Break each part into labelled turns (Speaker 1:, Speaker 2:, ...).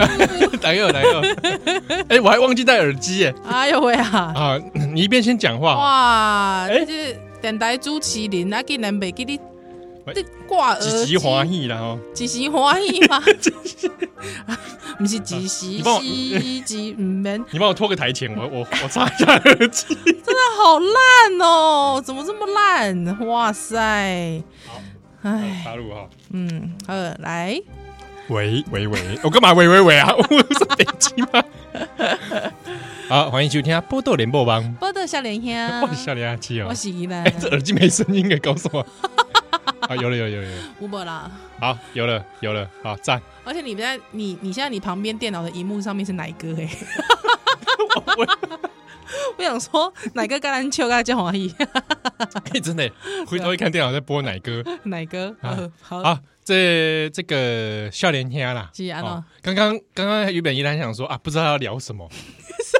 Speaker 1: 等一個，等一個，哎、啊
Speaker 2: 啊欸，我還忘記戴耳機、欸、
Speaker 1: 哎呦喂啊！
Speaker 2: 啊，你一邊先講話。哇，
Speaker 1: 欸、這是電臺主持人啊，竟然沒給你你掛耳機。幾時
Speaker 2: 歡喜了？哦，
Speaker 1: 幾時歡喜嗎？哈哈哈哈哈！不是幾
Speaker 2: 時？幾
Speaker 1: 時？沒？你幫
Speaker 2: 我、嗯、我拖個台前，我我我插一下耳機。
Speaker 1: 真的好爛哦！怎麼這麼爛？哇塞！哎，大路哈。唉路嗯，好，來。
Speaker 2: 喂喂喂，我幹嘛喂喂喂啊？我 是北京
Speaker 1: 嗎？
Speaker 2: 好，歡迎收聽《波多連播》吧。
Speaker 1: 波多小連兄，小連兄，喔、我是一的。哎、欸，這耳機沒
Speaker 2: 聲音，給告訴我。啊，有了有了有了，
Speaker 1: 無波啦。
Speaker 2: 好，有了有了，有有好讚。好
Speaker 1: 讚，而且你現在，你你現在，你旁邊電腦的螢幕上面是哪一個、欸？哎。 我 我想說，乃哥橄欖球該叫黃阿姨。
Speaker 2: 哎，真的，回頭一看電腦在播乃哥
Speaker 1: 乃哥啊，好
Speaker 2: 啊，這這個笑臉天啦。剛剛剛剛有本依然想說啊，不知道要聊什麼，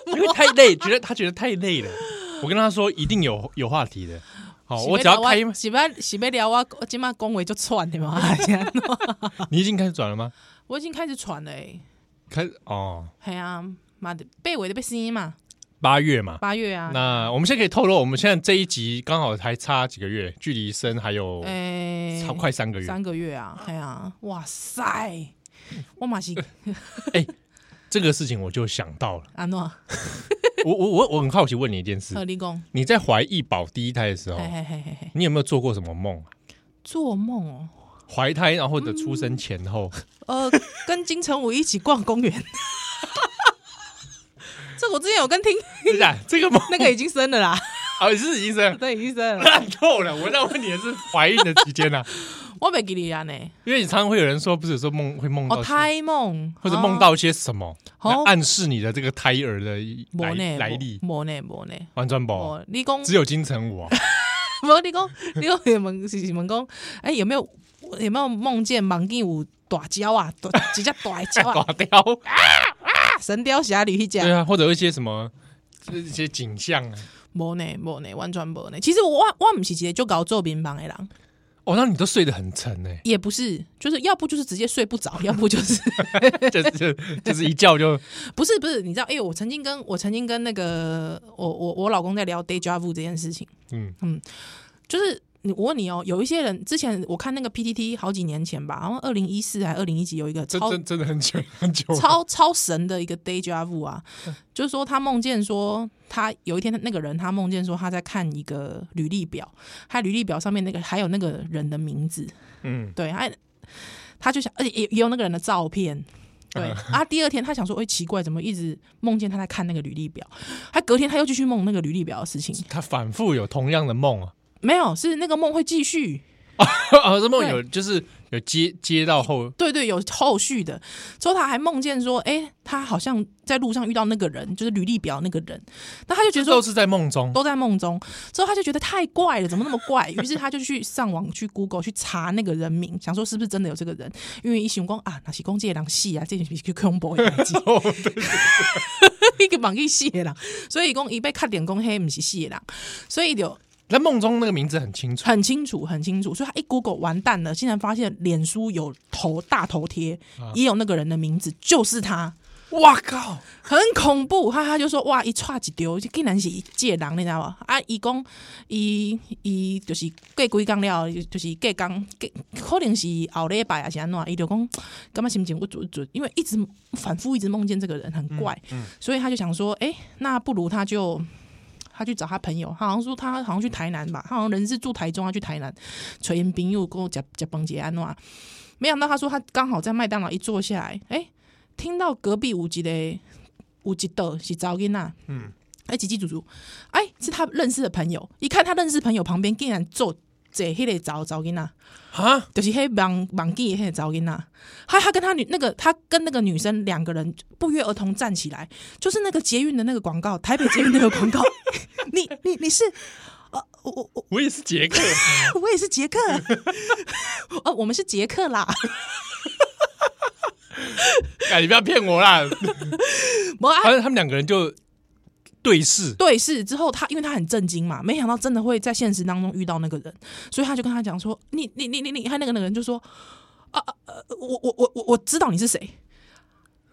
Speaker 2: 因為太累，覺得他覺得太累了。我跟他說，一定有有話題的。好，我只要開，
Speaker 1: 是不？是不聊啊，我今嘛公維就喘的嘛，現
Speaker 2: 在。你已經開始喘了嗎？
Speaker 1: 我已經開始喘了，哎，
Speaker 2: 開哦，
Speaker 1: 係啊，媽的，被圍的被聲嘛。
Speaker 2: 八月嘛，八月啊。那我們先可以透露，我們現在這一集剛好還差幾個月，距離生還有
Speaker 1: 超快三個月，欸，三個月啊！哎呀、啊，哇塞，我馬上。哎 ，
Speaker 2: 欸，這個事情我就想到了。安 諾，我我我很好奇問你一件事，你，你在懷易寶第一胎的時候，嘿嘿嘿嘿你有沒有做過什麼夢？
Speaker 1: 做夢哦，
Speaker 2: 懷胎然後的出生前後，
Speaker 1: 嗯、呃，跟金城武一起逛公園。 這我之前有跟聽，這個夢那個已經生了啦，
Speaker 2: 啊是醫生，對醫生爛透了。我在問你的是懷孕的期間呢，
Speaker 1: 我沒給你啊呢，因
Speaker 2: 為你常常會有人說，不是有時候夢會夢到胎
Speaker 1: 夢，或者夢到一
Speaker 2: 些什麼來暗示你的這個胎兒的來來歷。莫
Speaker 1: 內莫內，完
Speaker 2: 全沒，你講只有金城武啊，
Speaker 1: 沒有你講，你講你講是問說，哎，有沒有有沒有夢見夢境有大雕啊，直接大雕啊，大雕。神鵰俠侶去講，對啊，
Speaker 2: 或者一些什麼
Speaker 1: 這對 些景象啊，沒。無呢，無呢，完全無呢。其實我我不是直接就搞做乒乓的人。
Speaker 2: 哦，那你都睡得很沉
Speaker 1: 呢？也不是，就是要不就是直接睡不着，要不就是 就
Speaker 2: 是、就是、就是一覺就
Speaker 1: 不是不是，你知道？哎、欸，我曾經跟我曾經跟那個我我我老公在聊 deja vu 這件事情，嗯嗯，就是。你我問你哦、喔，有一些人之前我看那個 PTT 好幾年前吧，然後二零一四還二零一幾，有一個超真真
Speaker 2: 的很久很久超
Speaker 1: 超神的一個 déjà vu 啊，嗯、就是說他夢見說他有一天那個人他夢見說他在看一個履歷表，他履歷表上面那個還有那個人的名字，嗯，對，他他就想，而且也也有那個人的照片，對，然後、嗯啊、第二天他想說，哎、欸，奇怪，怎麼一直夢見他在看那個履歷表？他隔天他又繼續夢那個履歷表的事情，他反覆有同樣的夢啊。沒有，是那個夢會繼續啊、哦哦！這夢有，對就
Speaker 2: 是有接接到後對，
Speaker 1: 對對，有後續的。之後他還夢見說，哎，他好像在路上遇到那個人，就是履歷表那個人。那他就覺得說都是在夢中，都在夢中。之後他就覺得太怪了，怎麼那麼怪？於是他就去上網去 Google 去查那個人名，想說是不是真的有這個人。因為一醒工啊，那是工借兩戲啊，這叫 Q Q Boy。哦，對，一個忘一戲啦，所以工一被看點工黑，不是戲啦。所以有。在夢中，那個名字很清楚，很清楚，很清楚。所以他一 Google 完蛋了，竟然發現臉書有頭大頭貼，也有那個人的名字，就是他。哇靠，很恐怖！他他就說，哇，一踹一丟，竟然是一個人，你知道嗎？啊，伊講伊伊就是過幾天了，就是剛缸，可能是後禮拜還是安怎，伊就講，感覺心情我做一因為一直反覆一直夢見這個人很怪，嗯嗯、所以他就想說，哎、欸，那不如他就。他去找他朋友，他好像說他好像去台南吧，他好像人是住台中他去台南。崔延兵又跟我結結幫結安了，沒想到他說他剛好在麥當勞一坐下來，誒、欸，聽到隔壁有一個有一對是趙你娜，嗯、欸，哎，嘰嘰足足，哎，是他認識的朋友，一看他認識朋友旁邊竟然坐。在迄裡找找因吶，啊，蛤就是喺忘忘記喺找因吶。他他跟他女那個他跟那個女生兩個人不約而同站起來，就是那個捷運的那個廣告，台北捷運的那個廣告。 你你你是，啊、我我我也是捷克， 我也是捷克。哦、 啊，我們是捷克啦。
Speaker 2: 哎，啊，你不要騙我啦。反 啊，啊。他們兩個人就。對視，
Speaker 1: 對視之後他，他因為他很震驚嘛，沒想到真的會在現實當中遇到那個人，所以他就跟他講說：“你你你你你，他那個那個人就說：啊啊我我我我我知道你是誰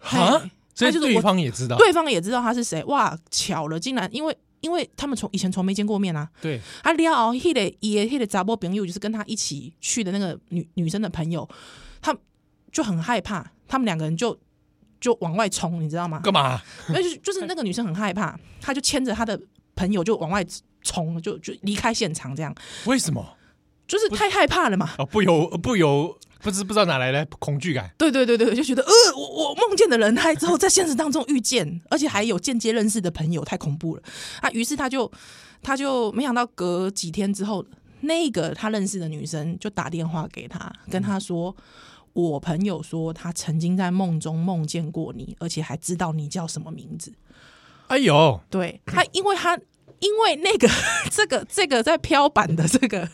Speaker 1: 啊？哈就是、所以就是我方
Speaker 2: 也知道，對方
Speaker 1: 也知道他是誰哇！巧了，竟然因為因為他們從以前從沒見過面啊，對。啊，然後、那個，他的也他的雜波朋友就是跟他一起去的那個女女生的朋友，他就很害怕，他們兩個人就。就往外衝，你知道嗎？幹嘛？那 就就是那個女生很害怕，她就牽着她的朋友就往外衝，就就離開現場這樣。為什麼？就是太害怕了嘛。
Speaker 2: 不由、哦、不由不，不知不知道哪來的恐懼感。
Speaker 1: 對對對對，就覺得呃，我我夢見的人，還之後在現實當中遇見， 而且還有間接認識的朋友，太恐怖了。啊，於是他就他就沒想到，隔幾天之後，那個他認識的女生就打電話給他，跟他說。嗯我朋友說，他曾經在夢中夢見過你，而且還知道你叫什麼名字。
Speaker 2: 哎呦，
Speaker 1: 對他，因為他，因為他因為那個這個這個在飄版的這個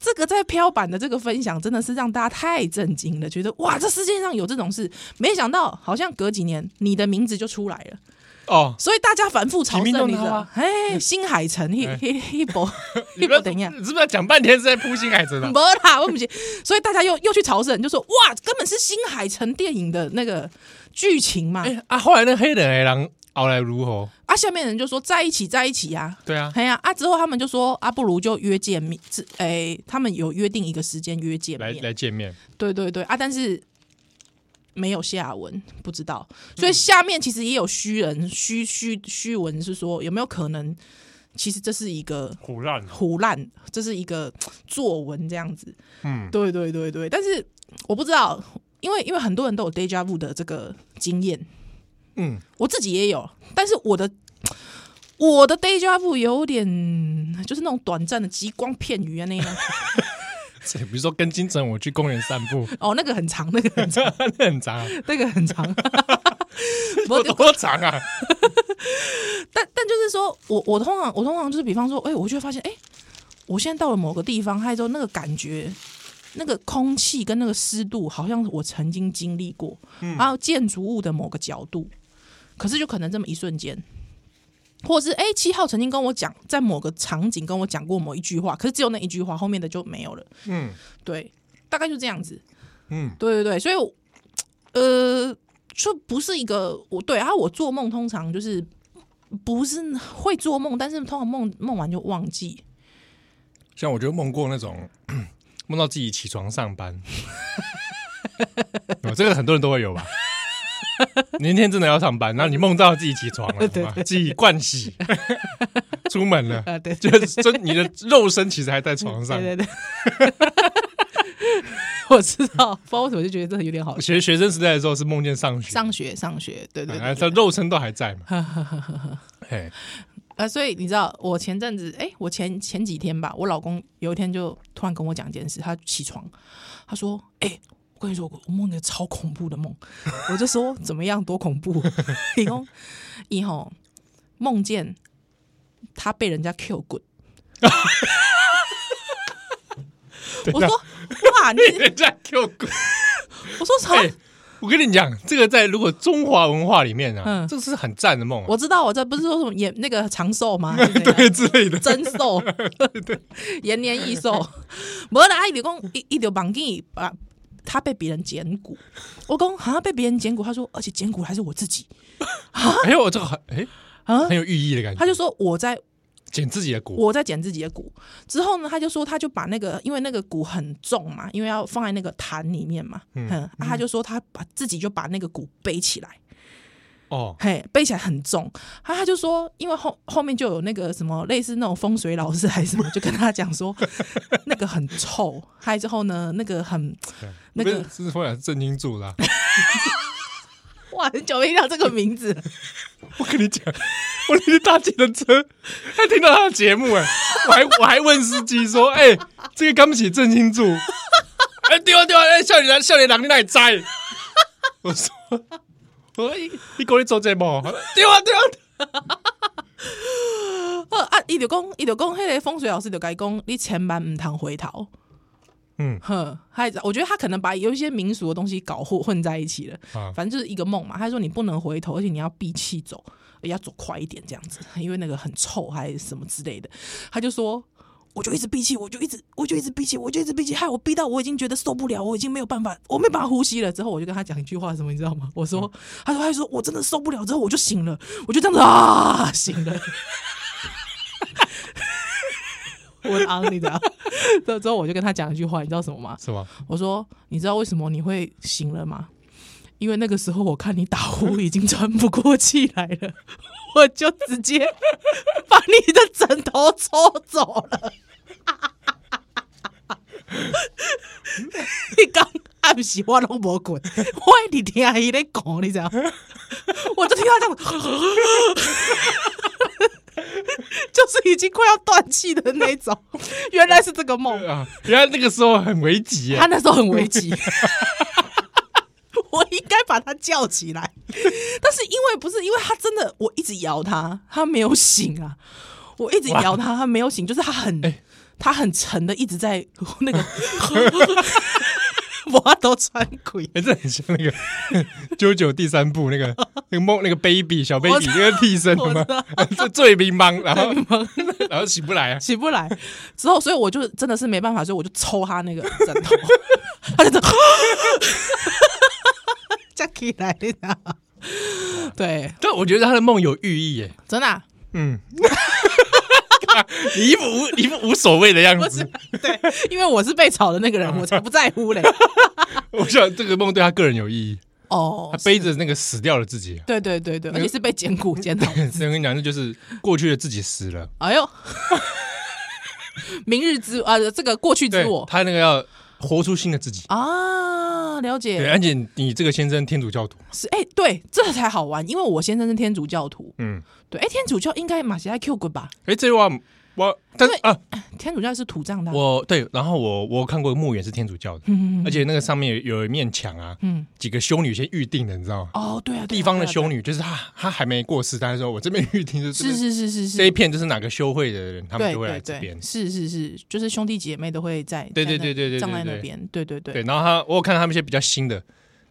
Speaker 1: 這個在飄版的這個分享，真的是讓大家太震驚了，覺得哇，這世界上有這種事！沒想到，好像隔幾年，你的名字就出來了。哦，所以大家反覆朝聖，你知道嗎？哎，新海誠一、一、一波一波，等一下，你是不是要講半天是在撲新海誠啊？沒啦，我母親。所以大家又又去朝聖，就說哇，根本是新海誠電影的那個劇情嘛。哎
Speaker 2: 啊，後來那黑人來了，後來如何？
Speaker 1: 啊，下面人就說在一起，在一起呀。對啊，哎呀啊，之後他們就說啊不如就約見面，這哎他們有約定一個時間約見面，來來見面。對對對啊，但是。沒有下文，不知道，所以下面其實也有虛人虛虛虛文，是說有沒有可能？其實這是一個唬爛、哦、唬爛這是一個作文這樣子。嗯，對對對對，但是我不知道，因為因為很多人都有 deja vu 的這個經驗，嗯，我自己也有，但是我的我的 deja vu 有點就是那種短暫的吉光片羽啊那樣。
Speaker 2: 比如說，跟金晨我去公園散步。
Speaker 1: 哦，那個很長，
Speaker 2: 那個很長， 那很長，啊，
Speaker 1: 那個很長。多 多長啊？ 但但就是說，我我通常我通常就是比方說，哎、欸，我就會發現，哎、欸，我現在到了某個地方，還有那個感覺，那個空氣跟那個濕度，好像我曾經經歷過。嗯、然後建築物的某個角度，可是就可能這麼一瞬間。或是哎，七號曾經跟我講，在某個場景跟我講過某一句話，可是只有那一句話，後面的就沒有了。嗯，對，大概就這樣子。嗯，對對對，所以呃，就不是一個我對啊。我做夢通常就是不是會做夢，但是通常夢夢完就忘記。
Speaker 2: 像我就夢過那種，夢到自己起床上班， 這個很多人都會有吧。明天真的要上班，然後你夢到自己起床了，自己盥洗，出門了，對，就是真你的肉身其實還在床上，對對對。
Speaker 1: 我知道，不然我怎麼就覺得這有點好？
Speaker 2: 學學生時代的時候是夢見上學，
Speaker 1: 上學，上學，對對，
Speaker 2: 這肉身都還在嘛？
Speaker 1: 哎，所以你知道，我前陣子，哎，我前前幾天吧，我老公有一天就突然跟我講一件事，他起床，他說，哎。我說，我夢見超恐怖的夢，我就說怎麼樣多恐怖？ 說？李紅，以後夢見他被人家 cue 滾， 啦我說哇，你被人家 cue 滾， 我說操、欸！我跟你講，這個在如果中
Speaker 2: 華文化裡面啊，嗯、這個是很讚的夢、啊。
Speaker 1: 我知道，我這不是說什麼延 那個長壽嗎？那個，
Speaker 2: 對，之類的，增
Speaker 1: 壽真壽，對， 延年益壽。我的阿姨講，一一條綁雞把。他被別人撿骨，我公好像被別人撿骨。他說，而且撿骨還是我自己。
Speaker 2: 啊， 哎、呦，我這個很誒，啊、欸，蛤很有寓意的感覺。他
Speaker 1: 就說我在
Speaker 2: 撿自己的骨，我
Speaker 1: 在撿自己的骨。之後呢，他就說他就把那個，因為那個骨很重嘛，因為要放在那個罈裡面嘛，嗯，啊、他就說他把、嗯、自己就把那個骨背起來。哦，嘿、oh.，背起來很重。他、啊、他就說，因為後後面就有那個什麼類似那種風水老師還是什麼，就跟他講說 那個很臭嗨 之後呢，那個很
Speaker 2: 對那個，這是後來震驚住了。
Speaker 1: 哇，久沒聽到這個名字。 我跟
Speaker 2: 你講，
Speaker 1: 我今天搭計程
Speaker 2: 車，還聽到他的節目哎，我還我還問司機說，哎、 欸，這個剛不是震驚住。哎、 欸，對丟、啊、丟，哎、啊，欸、你少年郎，少年郎，你哪裡摘？我說。以，你可以做這夢、 啊，
Speaker 1: 對啊對啊，哈， 啊，伊就講，伊就講，迄個風水老師就講，你千萬毋通回頭，嗯哼，呵他還，我覺得他可能把有一些民俗的東西搞混混在一起了，啊、反正就是一個夢嘛。他說你不能回頭，而且你要閉氣走，而要走快一點這樣子，因為那個很臭還是什麼之類的。他就說。我就一直憋氣，我就一直，我就一直憋氣，我就一直憋氣，害我憋到我已經覺得受不了，我已經沒有辦法，我沒辦法呼吸了。之後我就跟他講一句話，什麼你知道嗎？我說，嗯、他說他說，我真的受不了。之後我就醒了，我就這樣子啊，醒了。 我昂，你知道。 之後我就跟他講一句話，你知道什麼嗎？是嗎？我說，你知道為什麼你會醒了嗎？因為那個時候我看你打呼已經喘不過氣來了。 我就直接把你的枕頭抽走了。你剛暗時我攏無困，壞你聽伊咧講，你知？我就聽到他這樣，就是已經快要斷氣的那種。原來是這個夢啊！
Speaker 2: 原來那個時候很危急，他那時候很危
Speaker 1: 急。我應該把他叫起來，但是因為不是因為他真的，我一直搖他，他沒有醒啊！我一直搖他，他沒有醒，就是他很他很沉的一直在那個。我都穿
Speaker 2: 鬼，真的很像那個 JOJO 第三部那個那個夢那個 baby 小 baby 那個替身嗎？是醉賓幫，然後然後起不來啊，
Speaker 1: 起不來。之後所以我就真的是沒辦法，所以我就抽他那個枕頭，他就。起來
Speaker 2: 的，對，但我覺得他的夢有寓意耶，真的、啊，嗯，
Speaker 1: 你
Speaker 2: 一副無一副無所謂的樣子，對，
Speaker 1: 因為我是被炒的那個人，我才不在乎嘞。
Speaker 2: 我想這個夢對他個人有意義哦，oh, 他背着那個死掉的自己，
Speaker 1: 對對對對，那個、而且是被剪骨剪到。我
Speaker 2: 跟你講，那就是過去的自己死了。
Speaker 1: 哎呦， 明日之啊，這個過去之我，
Speaker 2: 他那個要活出新的自己
Speaker 1: 啊。了解，對，對安姐，
Speaker 2: 你這個先生天主教徒
Speaker 1: 是哎？對，這才好玩，因為我先生是天主教徒，嗯，對，哎，天主教應該馬偕 Q 滾吧，哎，這
Speaker 2: 句話。我，但
Speaker 1: 是，啊，天主教是土葬的。
Speaker 2: 我對，然後我我看過墓園是天主教的，而且那個上面有有一面牆啊，幾個修女先預定的，你知道
Speaker 1: 嗎？哦，對啊，地方
Speaker 2: 的修女就是他，她還沒過世，但是說我這邊預定是是是是是，這一片就是哪個修會的人，他們都會來這邊，是
Speaker 1: 是是，就是兄弟姐妹都會在，對對對對對，葬在那邊，對對對。
Speaker 2: 然後他，我有看到他們一些比較新的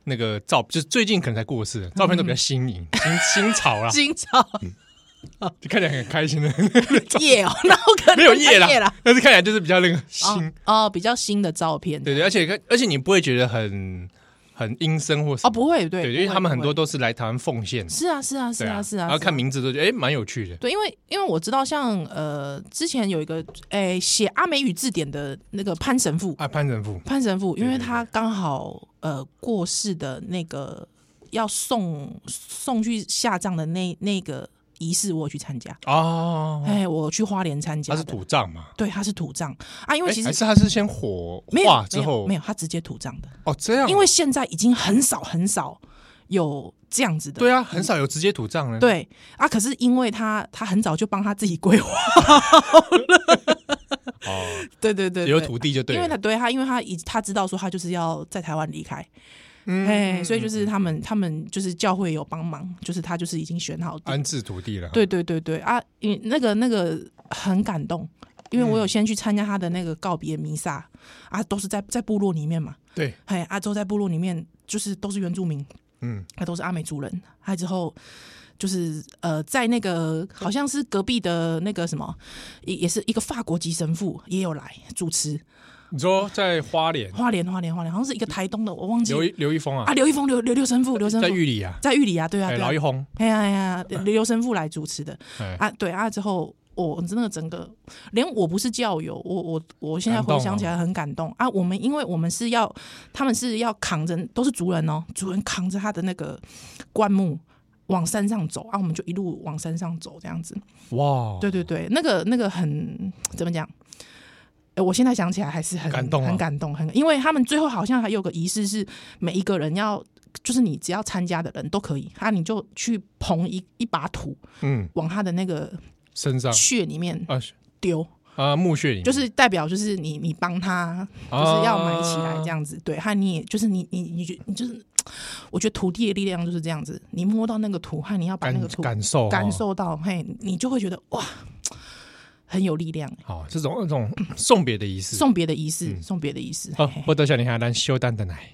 Speaker 2: 那個照，就是最近可能才過世，的照片都比較新穎，新新潮啊新潮。啊，就看起來很開心的，
Speaker 1: 耶哦，那我可能。沒有耶啦。
Speaker 2: 但是看起來就是比較那個
Speaker 1: 新哦，哦，比較新的照片的，
Speaker 2: 對，對對，而且而且你不會覺得很很陰森或是哦，不會，對，不會因為他們很多都是來台灣奉獻，啊，是
Speaker 1: 啊是啊是啊是啊，然後看名
Speaker 2: 字都覺得哎蠻有趣的，
Speaker 1: 對，因為因為我知道像呃之前有一個哎寫阿美語字典的那個潘神父啊，潘神父，潘神父，因為他剛好呃過世的那個要送送去下葬的那那個。儀式我去參加哦，哦，哦，哦，哦，哦，哎，我去花蓮參加。他是土葬嘛？對，他是土葬啊，因為其實、欸、還是他是先火化之後，沒有，沒有，沒有他直接土葬的哦。這樣，因為現在已經很少很少有這樣子的，對啊，很
Speaker 2: 少有直接土葬呢。對
Speaker 1: 啊，可是因為他他很早就幫他自己規劃了，哦，對對對，有土地就對，因為他對他，因為他他知道說他就是要在台灣離開。嗯嘿，所以就是他們，嗯、他們就是教會有幫忙，就是他就是已經選好
Speaker 2: 安置土地了。對
Speaker 1: 對對對啊，因那個那個很感動，因為我有先去參加他的那個告別彌撒、嗯、啊，都是在在部落裡面嘛。對，哎，阿、啊、周在部落裡面就是都是原住民，嗯，他、啊、都是阿美族人。還之後就是呃，在那個好像是隔壁的那個什麼，也也是一個法國籍神父也有來主持。
Speaker 2: 你說在花蓮，花蓮，
Speaker 1: 花蓮，花蓮，好像是一個台東的，我忘記劉
Speaker 2: 劉一峰啊，啊，劉一
Speaker 1: 峰，劉劉劉神父，劉神父在玉里啊，在玉里啊，對啊，老一峰，哎呀哎呀，劉神父來主持的、哎、啊，對啊，之後我真的整個連我不是教友，我我我現在回想起來很感動，感動、哦、啊，我們因為我們是要他們是要扛着都是族人哦，族人扛着他的那個棺木往山上走啊，我們就一路往山上走這樣子，
Speaker 2: 哇，對對
Speaker 1: 對，那個那個很怎麼講？哎、欸，我現在想起來還是很感動、啊，很感動，很感因為他們最後好像還有個儀式，是每一個人要，就是你只要參加的人都可以，他、啊、你就去捧一一把土，
Speaker 2: 嗯，
Speaker 1: 往他的那個
Speaker 2: 身上穴裡面丟啊，啊墓穴裡面，就是
Speaker 1: 代表就是你你幫他就是要埋起來這樣子，啊、對，他、啊、你也就是你你你你就是，我覺得土地的力量就是這樣子，你摸到那個土，哈、啊，你要把那個土感受、哦、感受到，嘿，你就會覺得哇。很有力量哦，這種那種送別的儀式，嗯、送別的儀式，送別的儀式。哦、啊，
Speaker 2: 我的小女孩，蘭修丹的奶。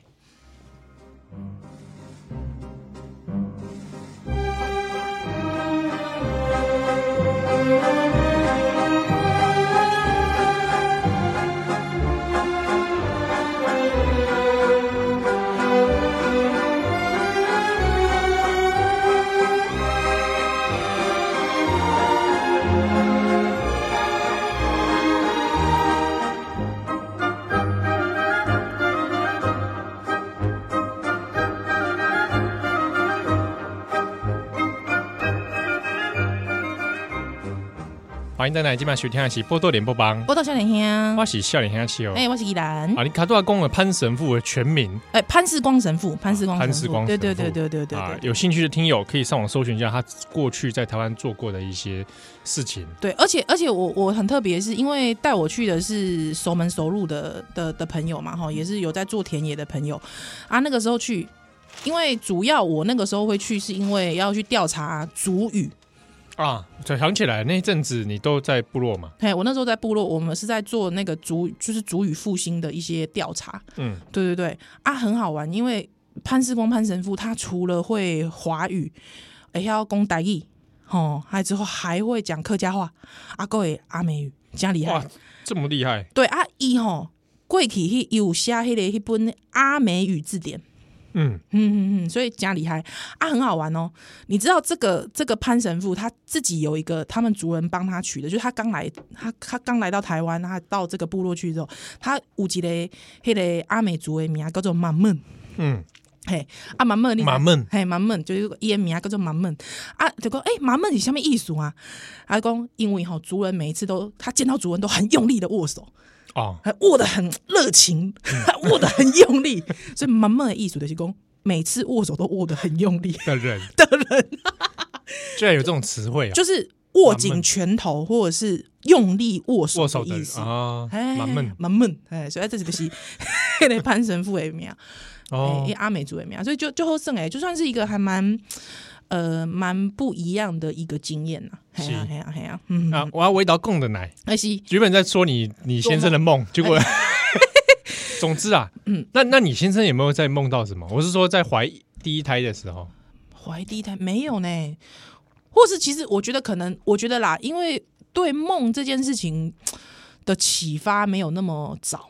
Speaker 2: 歡迎再來，今晚收聽的是《波多聯播幫波多笑
Speaker 1: 臉香，我
Speaker 2: 是笑臉香哦。哎、啊，我
Speaker 1: 是宜蘭。阿
Speaker 2: 你卡多阿講了潘神父的全名，
Speaker 1: 哎、欸，潘世光神父，潘世光神父，啊、潘世光，潘世光對，對，對，對對對對對
Speaker 2: 對。啊、有興趣的聽友可以上網搜尋一下他過去在台灣做過的一些事情。
Speaker 1: 對，而且而且我我很特別，是因為帶我去的是熟門熟路的的的朋友嘛，哈，也是有在做田野的朋友啊。那個時候去，因為主要我那個時候會去，是因為要去調查族語。
Speaker 2: 啊！才想起來，那一陣子你都在部落嘛？
Speaker 1: 哎，okay, 我那時候在部落，我們是在做那個族就是族語復興的一些調查。嗯，對對對，啊，很好玩，因為潘世光潘神父他除了會華語，還要講台語，吼、哦，還之後還會講客家話、阿哥語、阿美語，真厲害！哇，這麼厲害！對，阿一吼，過去有寫迄個迄本阿美語字典。嗯嗯嗯嗯，所以加厲害啊，很好玩哦。你知道這個這個潘神父他自己有一個他們族人幫他取的，就是他剛來他他剛來到台灣，他到這個部落去之後，他有一個黑、那個阿美族的名叫做馬悶，嗯，嘿阿馬悶，馬、啊、悶，嘿馬悶，就是伊個名叫做馬悶啊。就講誒，馬悶是什麼意思啊？啊，講因為吼、哦、族人每一次都他見到族人都很用力的握手。哦，還、oh. 握得很熱情，握得很用力，嗯、 所以蠻蠻藝術的。西宮每次握手都握得很用力，的人的人，居然有這種詞彙、啊，就是握緊拳頭或者是用力握手的意思啊，蠻蠻蠻蠻，哎，所以這幾個西，潘 神父為名，哦、oh. 欸，以阿美族為名，所以就最後勝哎，就算是一個還蠻。呃，蠻不一樣的一個經驗吶、啊，是啊，是啊，是啊，
Speaker 2: 是啊，嗯，啊，我要圍到供的奶，哎西是，原本在說你你先生的夢，結果，總之啊，嗯，那那你先生有沒有在夢到什麼？我是說在懷第一胎的時候，
Speaker 1: 懷第一胎沒有呢，或是其實我覺得可能，我覺得啦，因為對夢這件事情的啟發沒有那麼早。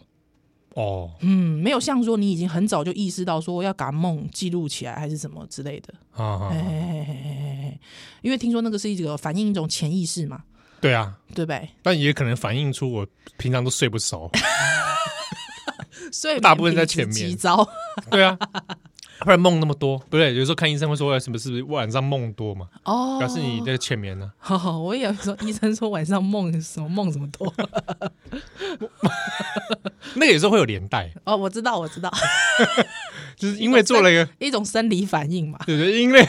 Speaker 1: 哦，oh. 嗯，沒有像說你已經很早就意識到說要把夢記錄起來，還是什麼之類的啊、oh, oh, oh. 欸，因為聽說那個是一個反映一種潛意識嘛，對啊，對唄吧，
Speaker 2: 但也可能反映出我平常都睡不熟，
Speaker 1: 睡大部分在前面，急躁，對啊。
Speaker 2: 不然夢那麼多，不對，有時候看醫生會說，什麼是不是晚上夢多嘛？哦，oh. 表示你的淺眠呢。
Speaker 1: 哈哈，我也有說醫生說晚上夢什麼夢這麼多，
Speaker 2: 那個有時候會有連帶。
Speaker 1: 哦，oh, 我知道，我知道，
Speaker 2: 就是因為做了一個一種、
Speaker 1: 一種生理反應嘛，
Speaker 2: 對不對，因為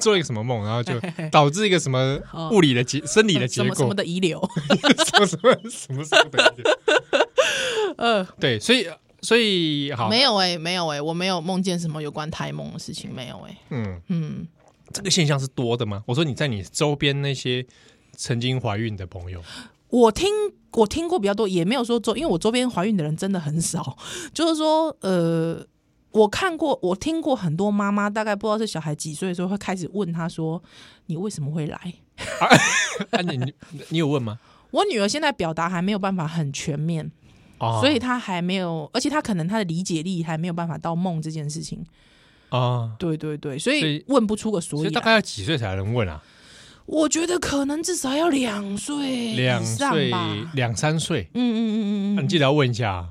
Speaker 2: 做了一個什麼夢，然後就導致一個什麼物理的結、oh. 生理的結什麼什麼的
Speaker 1: 遺留 什，什麼什麼什麼什麼的。嗯，uh. 對，所以。
Speaker 2: 所以好沒、欸，沒有
Speaker 1: 哎，沒有哎，我沒有夢見什麼有關胎夢的事情，沒有哎、欸。嗯
Speaker 2: 嗯，嗯這個現象是多的嗎？我說你在你周邊那些曾經懷孕的朋友，
Speaker 1: 我聽我聽過比較多，也沒有說周，因為我周邊懷孕的人真的很少。就是說，呃，我看過，我聽過很多媽媽，大概不知道是小孩幾歲的時候會開始問她說：“你為什麼會來？”啊啊、你你
Speaker 2: 你有問嗎？
Speaker 1: 我女兒現在表達還沒有辦法很全面。所以他還沒有，而且他可能他的理解力還沒有辦法到夢這件事情啊，對對對，所以問不出個所以，所以。所以大概
Speaker 2: 要幾歲才能問啊？
Speaker 1: 我覺得可能至少要兩歲，兩歲
Speaker 2: 兩三歲。
Speaker 1: 嗯嗯嗯嗯、
Speaker 2: 啊、你記得要問一下，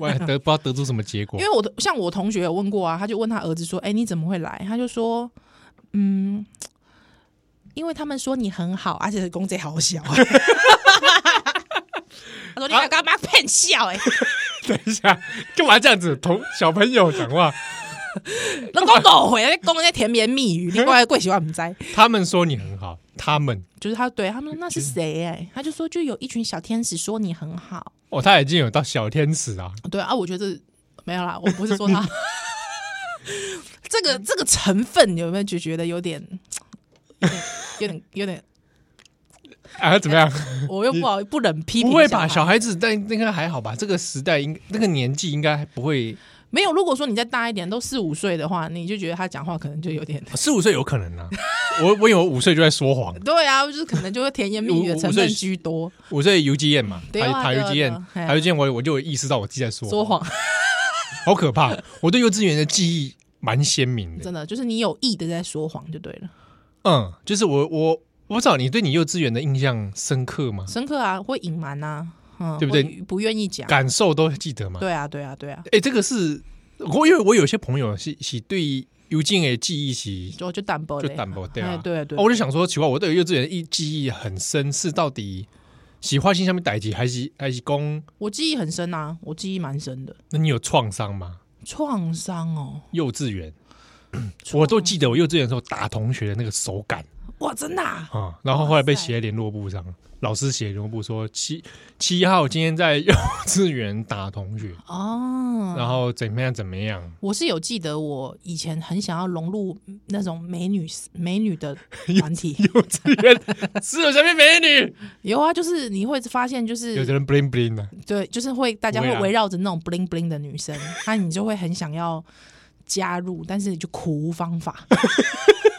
Speaker 2: 我得不知道得出什麼結果。 因為我
Speaker 1: 像我同學有問過啊，他就問他兒子說：“哎、欸，你怎麼會來？”他就說：“嗯，因為他們說你很好，而且是公仔好小、欸。” 他說你要他、欸啊：“你要幹嘛騙笑？哎，等一下，幹
Speaker 2: 嘛這樣子同小朋友講話？
Speaker 1: 能夠誤回來你講那些甜言蜜，蜜語，另外怪喜歡什麼災？
Speaker 2: 他們說你很好， 他們
Speaker 1: 就是他對他們說那是誰？哎，他就說就有一群小天使說你很好。
Speaker 2: 哦，他已經有到小天使啊？
Speaker 1: 對啊，我覺得沒有啦，我不是說他 這個這個成分有沒有就覺得有點有點有點。有點”有點有點
Speaker 2: 啊，怎麼樣？我又不好不能批評。不會吧？小孩子，但應該還好吧？這個時代，應那個年紀，應該還不會。
Speaker 1: 沒有，如果說你再大一點，都四五歲的話，你就覺得他講話可能就有點。
Speaker 2: 四五歲有可能啊！我我以為五歲就在說謊。
Speaker 1: 對啊，就是可能就會甜言蜜語的。成分居多。
Speaker 2: 五歲幼稚園嘛，他幼稚園，幼稚園，我我就意識到我自己在說謊，好可怕！我對幼稚園的記憶蠻鮮明的，
Speaker 1: 真的，就是你有意的在說謊就對
Speaker 2: 了。嗯，就是我我。我不知道你對你幼稚園的印象深刻嗎？
Speaker 1: 深刻啊，會隱瞞啊，嗯，對不對？不願意講，
Speaker 2: 感受都記得嗎？對
Speaker 1: 啊，對啊，對啊。哎，
Speaker 2: 這個是我有，因為我有些朋友是是對幼稚園的記憶是就就淡薄，就淡薄，對啊，對啊，對啊，對啊。哦，我就想說，奇怪，我對幼稚園的記憶很深，是到底是花心上面代誌，還是還是攻？
Speaker 1: 我記憶很深啊，我記憶蠻深的。
Speaker 2: 那你有創傷嗎？
Speaker 1: 創傷哦，
Speaker 2: 幼稚園， 我都記得我幼稚園的時候打同學的那個手感。
Speaker 1: 哇，真的
Speaker 2: 啊！哦、然後後來被寫在聯絡簿上，塞老師寫聯絡簿說七七號今天在幼稚園打同學
Speaker 1: 哦，然
Speaker 2: 後怎麼樣怎麼樣？
Speaker 1: 我是有記得我以前很想要融入那種美女美女的團體。幼稚園是有什麼美女？ 有啊，就是你會發現就是有的人
Speaker 2: bling bling 的，
Speaker 1: 對，就是會大家會圍繞着那種 bling bling 的女生，那、啊、你就會很想要加入，但是你就苦無方法。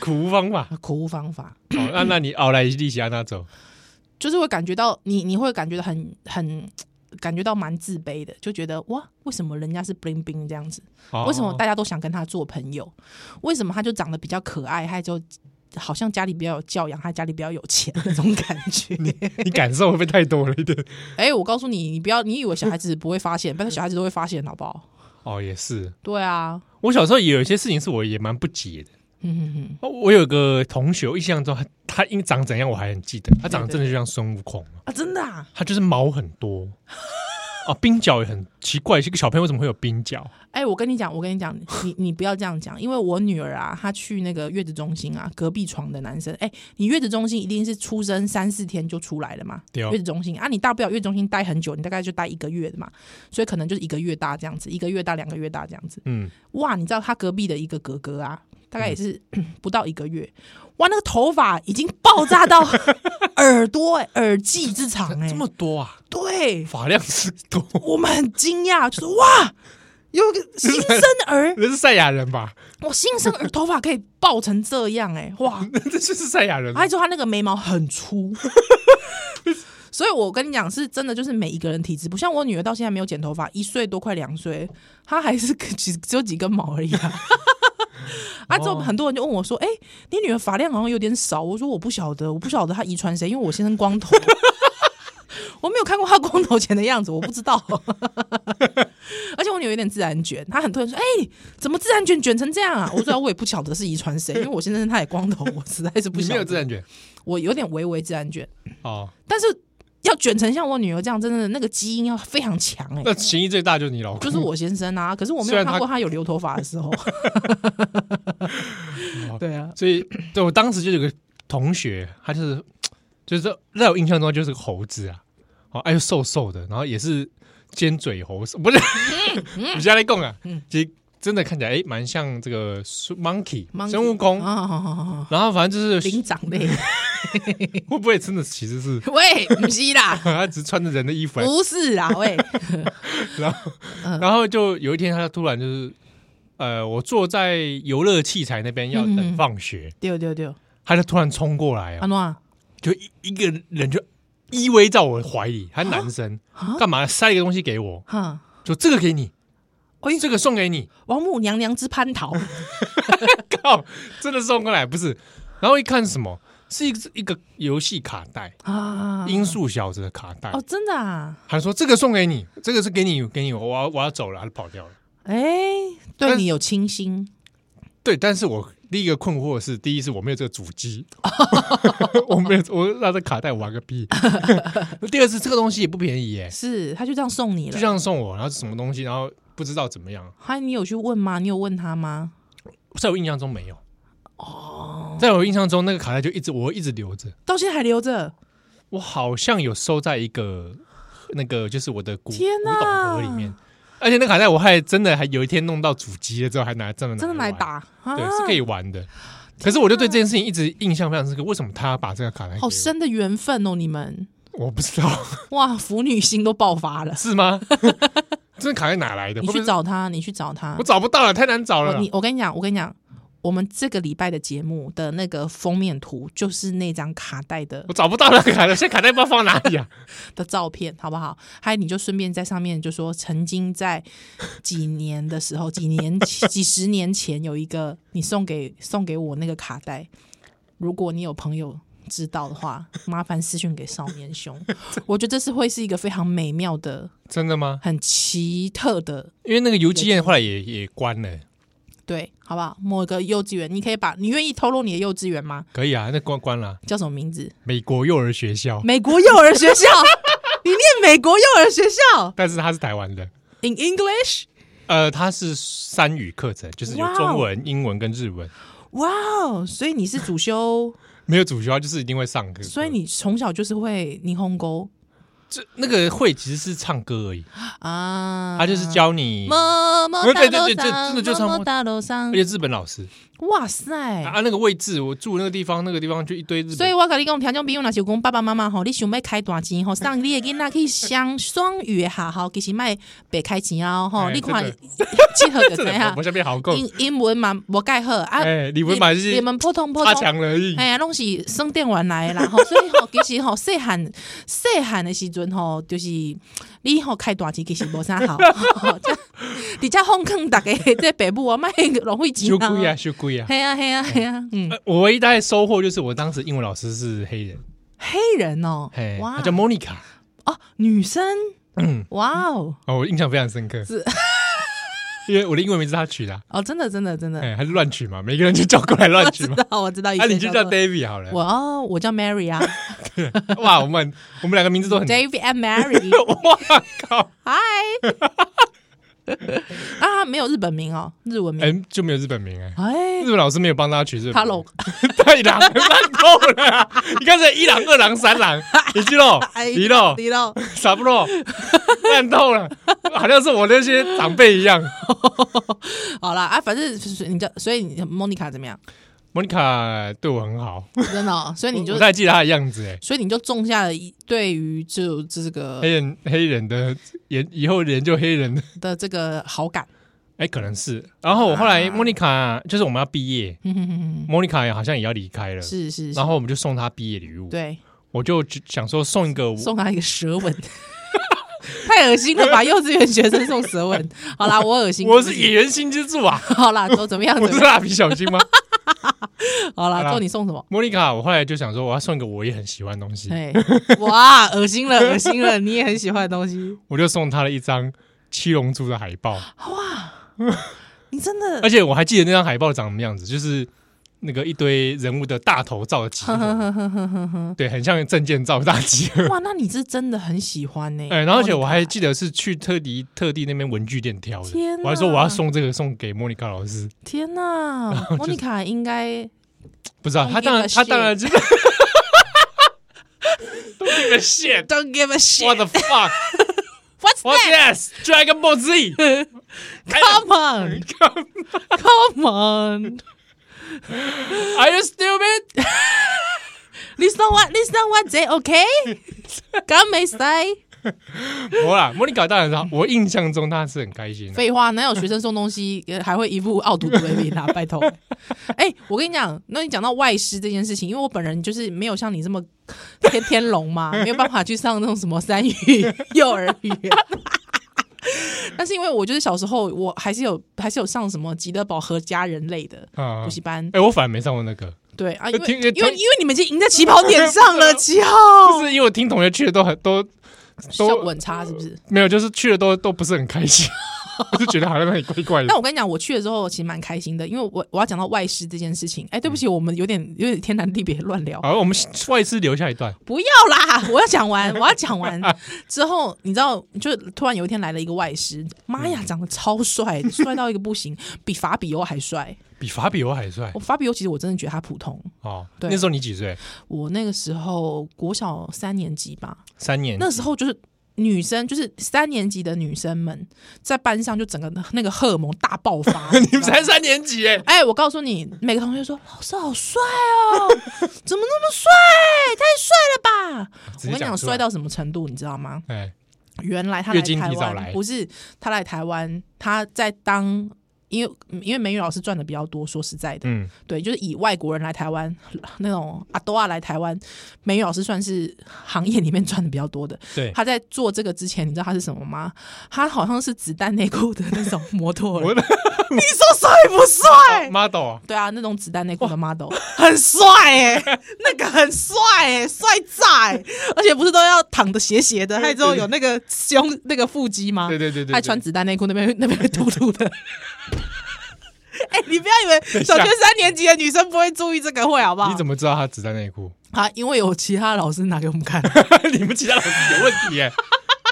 Speaker 1: 苦無方法，苦無方法。
Speaker 2: 好、哦，那你、 哦、那你熬來一粒蝦那走， 是
Speaker 1: 就是會感覺到你，你會感覺到很很感覺到蠻自卑的，就覺得哇，為什麼人家是 bling bling 這樣子？
Speaker 2: 哦哦，為什麼大家
Speaker 1: 都想跟他做朋友？為什麼他就長得比較可愛，還就好像家裡比較有教養，還家裡比較有錢那種感覺？ 你，你感
Speaker 2: 受會不會太多了點？
Speaker 1: 哎、欸，我告訴你，你不要你以為小孩子不會發現， 但是小孩子都會發現，好不好？
Speaker 2: 哦，也是。
Speaker 1: 對啊，
Speaker 2: 我小時候也有一些事情是我也蠻不解的。
Speaker 1: 嗯哼哼，我有
Speaker 2: 個同學，我印象中他他因為長怎樣，我還很記得，他長得真的就像孫悟空
Speaker 1: 啊，真的啊，
Speaker 2: 他就是毛很多。 啊、哦，冰角也很奇怪，這個小朋友怎麼會有冰角？
Speaker 1: 哎、欸，我跟你講，我跟你講，你你不要這樣講，因為我女兒啊，她去那個月子中心啊，隔壁床的男生，哎、欸，你月子中心一定是出生三四天就出來了嘛？對哦，月子中心啊，你大不了月子中心待很久，你大概就待一個月的嘛，所以可能就是一個月大這樣子，一個月大兩個月大這樣子，嗯，哇，你知道他隔壁的一個哥哥啊。大概也是不到一個月，哇，那個頭髮已經爆炸到耳朵、欸， 耳際之長、欸，哎，這麼多啊，對，髮量之多，我們很驚訝，就是哇，有個 新
Speaker 2: 生兒，那是賽亞人吧？
Speaker 1: 我新生兒頭髮可以爆成這樣、欸，哎，哇，那就是賽亞人。還說他那個眉毛很粗， 所以我跟你講是真的，就是每一個人體質不像我女兒，到現在沒有剪頭髮，一歲多快兩歲，她還是只只有幾根毛而已、啊。 啊！之後很多人就問我說：“哎、欸，你女兒髮量好像有點少。”我說：“我不曉得，我不曉得她遺傳誰，因為我先生光頭， 我沒有看過她光頭前的樣子，我不知道。 而且我女兒有點自然卷，她很多人說：‘哎、欸，怎麼自然卷卷成這樣啊？’我說：我也不曉得是遺傳誰，因為我先生他也光頭，我實在是不曉得。你沒有自然卷？我有點微微自然卷。哦，oh. 但是。”要卷成像我女兒這樣，真的那個基因要非常強哎、欸。那
Speaker 2: 嫌疑最大就是你老公，就是我
Speaker 1: 先生啊。嗯、可是我沒有看過他有留頭髮的時候。 好
Speaker 2: 對啊，所以對我當時就有個同學，他就是就是在我印象中就是個猴子啊，哦、啊，哎又瘦瘦的，然後也是尖嘴猴，不是你現在來講啊，真的看起來哎，蠻像這個 Monkey 孫悟空，然後反正就是靈長類，會不會真的其實是？喂，
Speaker 1: 不是啦，他
Speaker 2: 只是穿着人的衣服。不是啦，喂。然後，然後就有一天，他突然就是，呃，我坐在遊樂器材那邊要等放學。丟丟丟！他就突然衝過來啊，就一一個人就依偎在我懷裡，還男生，幹嘛塞一個東西給我？
Speaker 1: 就這個給你。這個送給你，王母娘娘之蟠桃。
Speaker 2: 靠，真的送過來不是？然後一看什麼，是一個一個遊戲卡帶啊，音速小子的卡帶。哦，真的啊！還說這個送給你，這個是給你給你，我要我要走了，還跑掉了。
Speaker 1: 哎、欸，對你有傾心？
Speaker 2: 對，但是我第一個困惑是，第一是我沒有這個主機，哦、 我沒有，我拿着卡帶玩個屁。 第二次，這個東西也不便宜耶，
Speaker 1: 是他就這樣送你了，就這樣送
Speaker 2: 我，然後是什麼東西，然後。不知道怎麼樣？
Speaker 1: 嗨，你有去問嗎？你有問他嗎？在我
Speaker 2: 印象中沒有。哦，oh. 在我印象中，那個卡帶就一直我一直留着，
Speaker 1: 到現在還留着。我
Speaker 2: 好像有收在一個那個就是我的古，天哪古
Speaker 1: 董盒裡
Speaker 2: 面，而且那個卡帶我還真的還有一天弄到主機了之後，還拿來真的拿。真
Speaker 1: 的來打，對，是可
Speaker 2: 以玩的。哪可是我就對這件事情一直印象非常深刻，為什麼他把這個卡帶？
Speaker 1: 好深的緣分哦，你們我不知道。哇，腐女心都爆發了，是嗎？ 這是卡在哪
Speaker 2: 來的？你去找
Speaker 1: 他，你去找他。我找不到了，太難找了。你，我跟你講，我跟你講，我們這個禮拜的節目的那個封面圖就是那張卡帶的。我找不到那個卡帶，這卡
Speaker 2: 帶不知道放哪裡啊？
Speaker 1: 的照片，好不好？還有，你就順便在上面就說，曾經在幾年的時候，幾年，幾十年前有一個你送給送給我那個卡帶。如果你有朋友。知道的話，麻煩私訊給少年兄。我覺得這是會是一個非常美妙的，真的嗎？很奇特的，因為那個幼稚園
Speaker 2: 後來也也關了、欸。
Speaker 1: 對，好不好？某個幼稚園，你可以把你願意透露你的幼稚園嗎？
Speaker 2: 可以啊，那關關了、啊。
Speaker 1: 叫什麼名字？
Speaker 2: 美國幼兒學校。美
Speaker 1: 國幼兒學校？ 你念美國幼兒學校？
Speaker 2: 但是它是台灣的。
Speaker 1: In English？
Speaker 2: 呃，它是三語課程，就是有中文、Wow 英文跟日文。
Speaker 1: 哇哦！所以你是主修？
Speaker 2: 沒有主修，就是一定會上課。所
Speaker 1: 以你從小就是會霓虹歌？
Speaker 2: 這那個會其實是唱歌而已
Speaker 1: 啊，
Speaker 2: 他、啊、就是教你。對對、哦、對，這真的就唱。摩摩大路上，而且日本老師。
Speaker 1: 哇塞！啊，
Speaker 2: 那個位置，我住那個地方，那個地方就一堆日本。所
Speaker 1: 以，我跟你講，聽眾朋友那是有講爸爸媽媽吼，你想欲開大錢吼，送你的囝仔去上雙語的學校，其實賣白開錢哦吼，欸、你看七號就知道怎樣？我
Speaker 2: 這邊好夠。
Speaker 1: 英英文嘛，無介好啊。哎、欸，你們嘛是你們普通普通而已。哎呀，攏是生電玩來的，然後所以吼，其實吼細漢細漢的時陣吼，就是你吼開大錢其實無啥好，直接放空大概在北部，我賣浪費錢啊，收貴啊，收貴。黑呀黑呀黑呀！
Speaker 2: 嗯，我唯一大概收穫就是，我當時英文老師是黑人，
Speaker 1: 黑人哦，
Speaker 2: 他叫 Monica
Speaker 1: 哦，女生，嗯，哇
Speaker 2: 哦，我印象非常深刻，是因為我的英文名字他取的，哦，真的真的真的，哎，還是亂取嘛，每個人就叫過來亂取嘛，我知道，那你就叫 David 好了，
Speaker 1: 我哦，我叫 Mary 啊，
Speaker 2: 哇，我們我們兩個名字都很
Speaker 1: David and Mary，哇靠，嗨。啊， 他沒有日本名哦，喔，日文
Speaker 2: 名，欸，就沒有日本名哎，欸，哎，欸，日本老師沒有幫他取日本
Speaker 1: 名，太
Speaker 2: 郎，爛透了， 你看是一郎、二郎、三郎，李洛，李你知道傻不洛，難透了，好像是我那些長輩一樣，
Speaker 1: 好了啊，反正你叫，所以你莫妮卡怎麼樣？
Speaker 2: 莫妮卡對我很好，
Speaker 1: 真的，所以你就不太記得他
Speaker 2: 的樣子哎，所
Speaker 1: 以你就種下了一對於就這個黑
Speaker 2: 人黑人的，以後研究黑人
Speaker 1: 的這個好感哎，
Speaker 2: 可能是。然後我後來莫妮卡就是我們要畢業，莫妮卡好像也要離開了，是是。然後我們就送他畢業禮物，對，我就想說送一個送
Speaker 1: 他一個舌吻，太噁心了吧！幼稚園學生送舌吻，好啦，我噁心，我是野人新之助啊！好啦，走怎麼樣？我是蠟筆小新嗎？ 好啦，做你送什麼？
Speaker 2: 莫妮卡，我後來就想說，我要送一個我也很喜歡的東西。
Speaker 1: 對，哇，噁心了，噁心了， 你也很喜歡的東西，
Speaker 2: 我就送他了一張七龍珠的海報。哇，
Speaker 1: 你真的， 而且
Speaker 2: 我還記得那張海報長什麼樣子，就是。那個一堆人物的大頭造的
Speaker 1: 集
Speaker 2: 對，很像證件照大集合。哇，
Speaker 1: 那你是真的很喜歡呢？哎，然後而且
Speaker 2: 我還記得是去特地特地那邊文具店挑的，我還說我要送這個送給莫妮卡老師。
Speaker 1: 天哪，莫妮卡應該不知道，他當他當然知道。Don't give a shit. Don't give a shit. What the fuck? What's that? Dragon Ball Z. Come on. Come on. Are you stupid? Listen what, listen what they, okay? 沒事。
Speaker 2: 我啦，我你搞到人說，我印象中他是很開心。廢
Speaker 1: 話，哪有學生送東西還會一副奧賭毒的面啊？拜託。哎、 欸，我跟你講，那你講到外師這件事情，因為我本人就是沒有像你這麼天天龍嘛，沒有辦法去上那種什麼三語幼兒園。 但是因為我就是小時候我還是有還是有上什麼吉的堡何嘉仁類的補習、啊啊啊、班，
Speaker 2: 哎、欸，我反而沒上過那個。
Speaker 1: 對啊，因為、欸、因為因為你們已經贏在起跑點上了，之
Speaker 2: 後就是因為我聽同學去的都很都
Speaker 1: 都穩差，是不是，
Speaker 2: 呃？沒有，就是去的都都不是很開心。 我就覺得還在那裡怪怪的。那 我
Speaker 1: 跟你講，我去了之後其實蠻開心的，因為我我要講到外師這件事情。哎、欸，對不起，嗯、我們有點有點天南地北亂聊。
Speaker 2: 好、哦，我們外師留下一段。
Speaker 1: 不要啦，我要講完，我要講完 之後，你知道，就突然有一天來了一個外師，媽呀，長得超帥，帥、嗯、 到一個不行，比法比歐還帥，
Speaker 2: 比法比歐還帥。我
Speaker 1: 法比歐其實我真的覺得他普通。
Speaker 2: 哦，對，那時候你幾歲？
Speaker 1: 我那個時候國小三年級吧，
Speaker 2: 三年級那時候
Speaker 1: 就是。女生就是三年級的女生們在班上就整個那個荷爾蒙大爆發。 你們才三年級哎、欸欸！我告訴你，每個同學說老師好帥哦、喔， 怎麼那麼帥？太帥了吧！想我跟你講，帥到什麼程度，你知道嗎？欸、原來他來台灣，不是他來台灣，他在當。因為因為美語老師賺的比較多，說實在的，嗯，對，就是以外國人來台灣那種阿多亞來台灣，美語老師算是行業裡面賺的比較多的。對，他在做這個之前，你知道他是什麼嗎？他好像是子彈內褲的那種模特。 你說帥不帥、哦、？model 啊對啊，那種子彈內褲的 model 哇很帥哎、欸， 那個很帥哎、欸，帥炸、欸、而且不是都要躺的斜斜的，還有 之後有那個胸 那個腹肌嗎？對對，對對對對，還穿子彈內褲，那邊那邊會突突的。哎、 欸，你不要以為小學三年級的女生不會注意這個會好不好？你怎
Speaker 2: 麼知道他子彈內褲？
Speaker 1: 啊，因為有其他老師拿給我們看，
Speaker 2: 你們其他老師有問題、欸。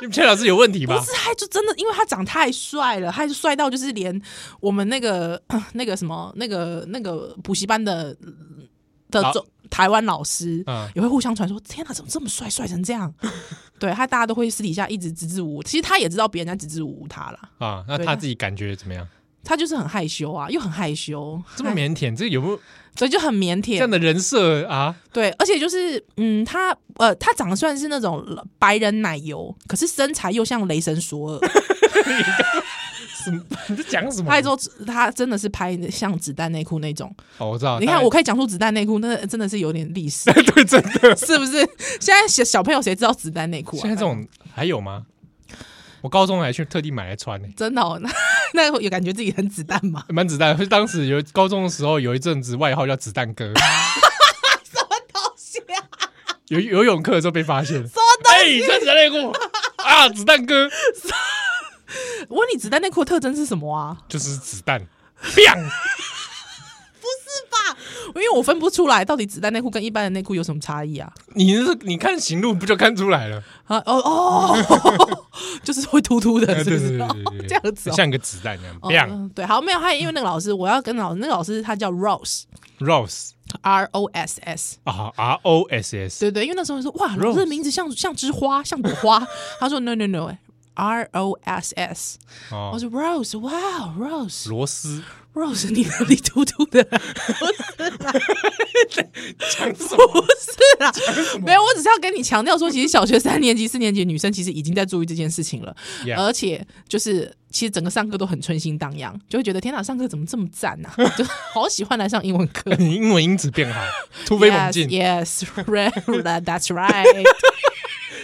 Speaker 2: 你陳老師有問題嗎？不是，他
Speaker 1: 就真的，因為他長太帥了，他帥到就是連我們那個那個什麼那個那個補習班的的好中台灣老師也、嗯、會互相傳說。天哪，怎麼這麼帥，帥成這樣？ 對他，大家都會私底下一直支支吾吾。其實他也知道別人在支支吾吾他了。
Speaker 2: 啊，那他自己感覺怎麼樣？
Speaker 1: 他就是很害羞啊，又很害羞，嗯、這麼
Speaker 2: 靦腆，這有不？
Speaker 1: 所以就很靦腆，這
Speaker 2: 樣的人設啊？
Speaker 1: 對，而且就是，嗯，他呃，他長得算是那種白人奶油，可是身材又像雷神索爾。 什麼？你在講什麼？他還說他真的是拍像子彈內褲那種。
Speaker 2: 哦，我知道。你看，但我可以
Speaker 1: 講出子彈內褲，那真的是有點歷史。 對，真的。是不是現在小小朋友誰知道子彈內褲？現在這種
Speaker 2: 還，還有嗎？我高中還去特地買來穿呢。欸，
Speaker 1: 真的。哦，那那有感覺自己很子彈嗎？
Speaker 2: 蠻子彈。就當時有高中的時候，有一陣子外號叫子彈哥，
Speaker 1: 什麼東西啊？
Speaker 2: 有游泳課的時候被發現說
Speaker 1: 了，哎，穿子彈內褲啊，子彈哥。 我問你，子彈內褲的特徵是什麼啊？
Speaker 2: 就是子彈，
Speaker 1: 因為我分不出來到底子彈內褲跟一般的內褲有什麼差異啊？你是你
Speaker 2: 看行路不就看出來
Speaker 1: 了？啊哦哦，
Speaker 2: 哦 就是會突突的，是不是
Speaker 1: 這樣子、哦？像一個
Speaker 2: 子彈一樣，
Speaker 1: 嗯嗯、對。好，沒有他，因為那個老師，我要跟老師，那個老師他叫
Speaker 2: Ross，Rose，R
Speaker 1: O S S
Speaker 2: 啊，R O S S，
Speaker 1: 對對，因為那時候說哇，Ross 的名字像像枝花，像朵花。 他說 No No No，, no R O S S，我說、oh, Rose，哇、wow,，Rose，羅斯，Rose，你你禿禿的，講什麼？不是啦，講 什麼？什麼，沒有，我只是要跟你強調說，其實小學三年級、四年級的女生其實已經在注意這件事情了，Yeah. 而且就是其實整個上課都很春心蕩漾，就會覺得天哪，上課怎麼這麼讚呢、啊？ 就好喜歡來上英文課，
Speaker 2: 你英文音質變好，
Speaker 1: 突飛猛進。Yes, yes that's right.